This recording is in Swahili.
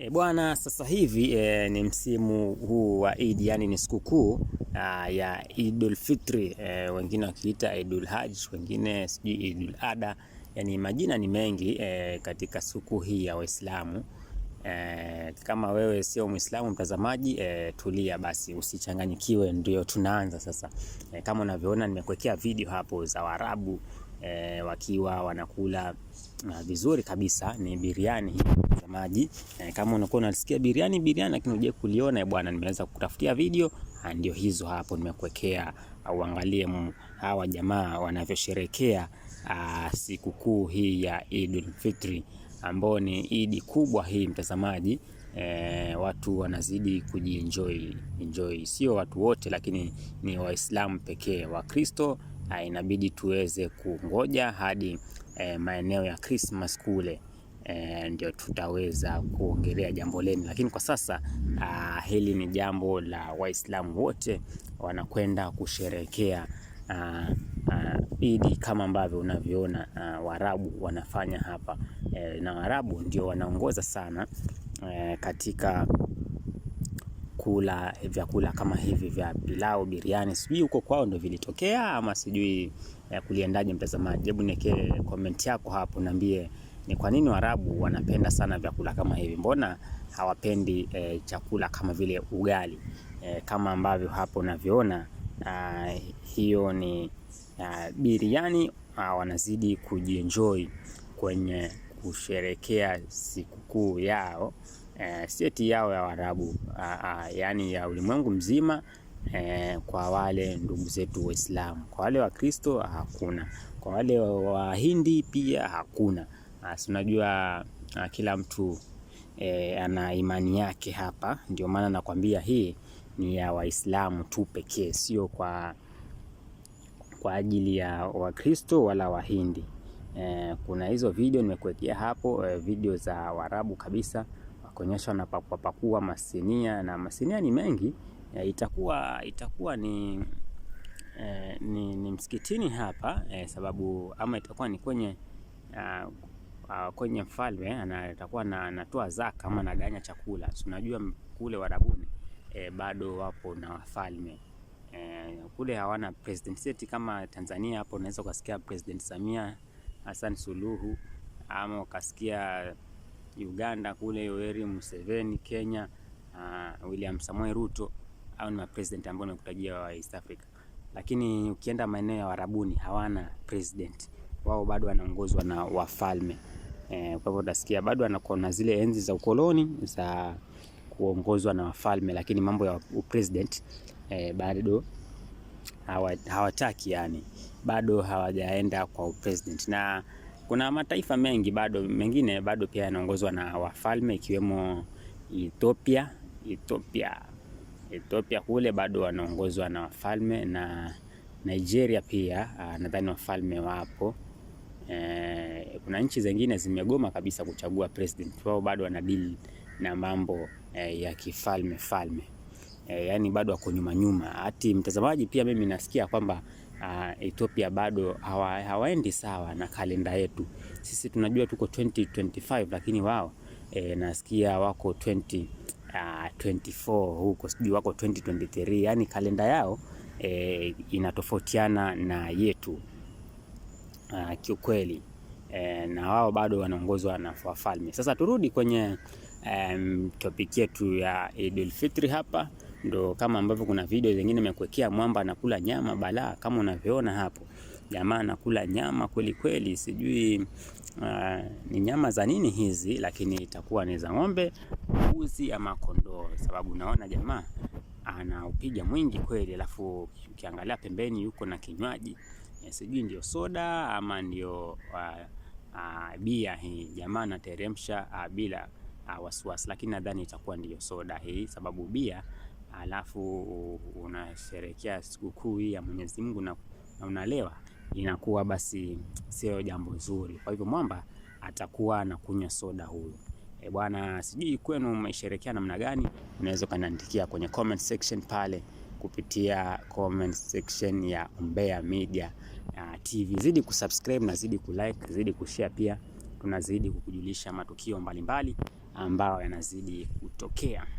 E, bwana sasa hivi e, ni msimu huu wa Eid, yani ni sikukuu ya Idul Fitri e, wengine wakiita Idul Hajj, wengine sijui Idul Adha, yani majina ni mengi e, katika siku hii ya Waislamu. E, kama wewe sio Muislamu mtazamaji, e, tulia basi usichanganyikiwe, ndio tunaanza sasa. E, kama unavyoona nimekuwekea video hapo za Waarabu e, wakiwa wanakula uh, vizuri kabisa. Ni biriani maji e, eh, kama unakuwa unasikia biriani biriani, lakini unje kuliona bwana, nimeweza kukutafutia video ah, ndio hizo hapo, nimekuwekea ah, uangalie hawa jamaa wanavyosherekea sikukuu hii ya Idul Fitri ambao ni idi kubwa hii mtazamaji. E, watu wanazidi kujienjoy enjoy, sio watu wote, lakini ni Waislamu pekee. Wakristo uh, inabidi tuweze kungoja hadi uh, maeneo ya Christmas kule E, ndio tutaweza kuongelea jambo leni, lakini kwa sasa a, ah, hili ni jambo la Waislamu wote wanakwenda kusherekea ah, ah, Idi kama ambavyo unavyoona Waarabu wanafanya hapa e, na Waarabu ndio wanaongoza sana e, katika kula vyakula kama hivi vya pilau, biriani, sijui huko kwao ndo vilitokea ama sijui eh, kuliendaje? Mtazamaji, hebu niweke comment yako hapo, niambie ni kwa nini Waarabu wanapenda sana vyakula kama hivi? Mbona hawapendi e, chakula kama vile ugali e, kama ambavyo hapo unavyoona, na hiyo ni a, biriani a, ah, wanazidi kujienjoy kwenye kusherekea sikukuu yao eh, yao ya Waarabu, yani ya ulimwengu mzima eh, kwa wale ndugu zetu Waislamu, kwa wale Wakristo hakuna, kwa wale Wahindi pia hakuna. Ah, si unajua ah, kila mtu E, ana imani yake hapa. Ndio maana nakwambia hii ni ya Waislamu tu pekee, sio kwa, kwa ajili ya Wakristo wala Wahindi. E, eh, kuna hizo video nimekuwekea hapo, e, video za Waarabu kabisa kuonyesha pakua masinia na masinia ni mengi ya, eh, itakuwa itakuwa ni, eh, ni, ni msikitini hapa eh, sababu ama itakuwa ni kwenye uh, uh, kwenye mfalme atakuwa eh, na anatoa zaka ama anaganya chakula. Unajua kule Warabuni eh, bado wapo na wafalme eh, kule hawana president seti kama Tanzania. Hapo unaweza ukasikia President Samia Hassan Suluhu ama ukasikia Uganda kule Yoweri Museveni, Kenya uh, William Samoei Ruto, au ni mapresident ambao nimekutajia wa East Africa. Lakini ukienda maeneo ya Warabuni hawana president, wao bado wanaongozwa na wafalme eh, kwa hivyo utasikia bado anakuwa na zile enzi za ukoloni za kuongozwa na wafalme, lakini mambo ya upresident eh, bado hawataki yani bado hawajaenda kwa upresident na kuna mataifa mengi bado mengine bado pia yanaongozwa na wafalme ikiwemo Ethiopia. Ethiopia Ethiopia kule bado wanaongozwa na wafalme na Nigeria pia ah, nadhani wafalme wapo. E, kuna nchi zingine zimegoma kabisa kuchagua president wao, bado wanadili na mambo e, ya kifalme falme e, eh, yani bado wako nyuma nyuma. Hati mtazamaji, pia mimi nasikia kwamba uh, Ethiopia bado hawa, hawaendi sawa na kalenda yetu. Sisi tunajua tuko 2025 lakini wao e, nasikia wako 20 uh, 24 huko sijui wako 2023, yani kalenda yao e, inatofautiana na yetu uh, kiukweli e, na wao bado wanaongozwa na wafalme. Sasa turudi kwenye um, topic yetu ya Idul Fitri hapa ndo kama ambavyo kuna video zingine nimekuwekea, mwamba anakula nyama balaa, kama unavyoona hapo, jamaa anakula nyama kweli kweli, sijui Uh, ni nyama za nini hizi, lakini itakuwa ni za ng'ombe, mbuzi ama kondoo, sababu naona jamaa anaupiga mwingi kweli, alafu ukiangalia pembeni yuko na kinywaji eh, sijui ndio soda ama ndio uh, uh, bia hii. Jamaa anateremsha uh, bila uh, wasiwasi, lakini nadhani itakuwa ndio soda hii, sababu bia alafu unasherekea sikukuu hii ya Mwenyezi Mungu na unalewa, inakuwa basi sio jambo zuri. Kwa hivyo mwamba atakuwa anakunywa soda huyo. E bwana, sijui kwenu umesherekea namna gani? Unaweza ukaniandikia kwenye comment section pale kupitia comment section ya Umbea Media TV. Zidi kusubscribe na zidi kulike, zidi kushare pia tunazidi kukujulisha matukio mbalimbali ambayo yanazidi kutokea.